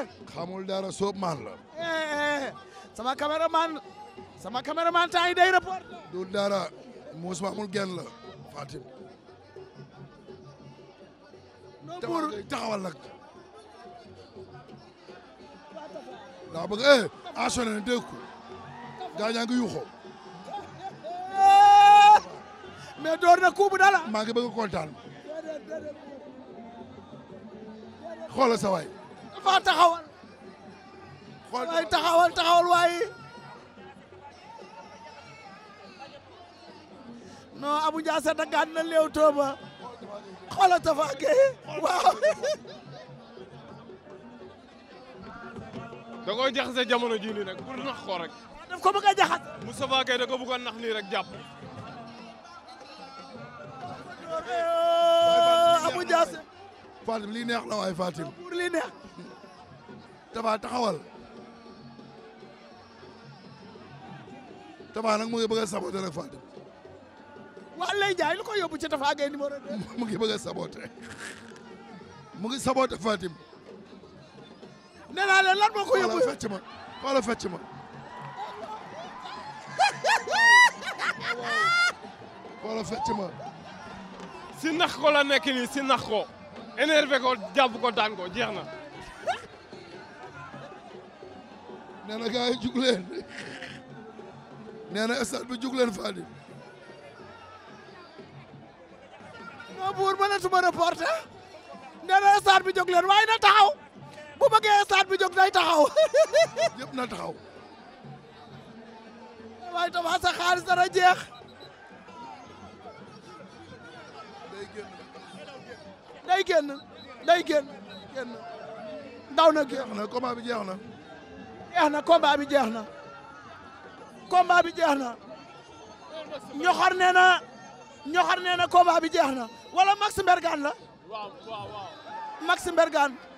eh. xamul dara soob maan la. sama caméraman sama caméraman temps yi day rapport. du dara muus maamul genn la Fatim. non pour taxawal nag. daa bëgg eh assuré na dégg ko gaañaa ngi yuuxoo. mais door na kuubu dala. maa ngi bëgg kontaan. xoolal sa Tapha taxawal. xool waay taxawal taxawal waay. non Abou Ndiassé daggaat na léew tooba. xoolal Tapha Gueye waaw. da koy jaxase jamono jii nii rek pour nax ko rek. daf ko bëgg a jaxat. Moustapha Gueye da ko bëgg a nax nii rek jàpp. Abou Ndiassé. Fatim lii neex la waay Fatim. pour lii neex. Tapha taxawal Tapha nag mu ngi bëgg a nag Fatim. waa lay jaay lu ko yóbbu ci Tapha Gueye numéro 2. mu ngi bëgg a saboté mu ngi saboté Fatim. nee naa leen lan moo ko yóbbu fecc ma xoola fecc ma. xoola nax ko la nekk nii si nax ko énervé ko jàpp ko daan ko jeex na. nee na gars yi jug leen nee na stade bi jug buur ma ne su ma reporter nee na stade bi jug leen waaye na taxaw bu bëggee stade bi jug day taxaw. yëpp na taxaw. waaye Tapha sa xaalis dara jeex. day génn. day day génn génn. ndaw na génn na combat bi jeex na. jeex na combat bi jeex na combat bi jeex na ñoxor nee na ñoxor nee na combat bi jeex na wala Max Mbergane la Max Mbergane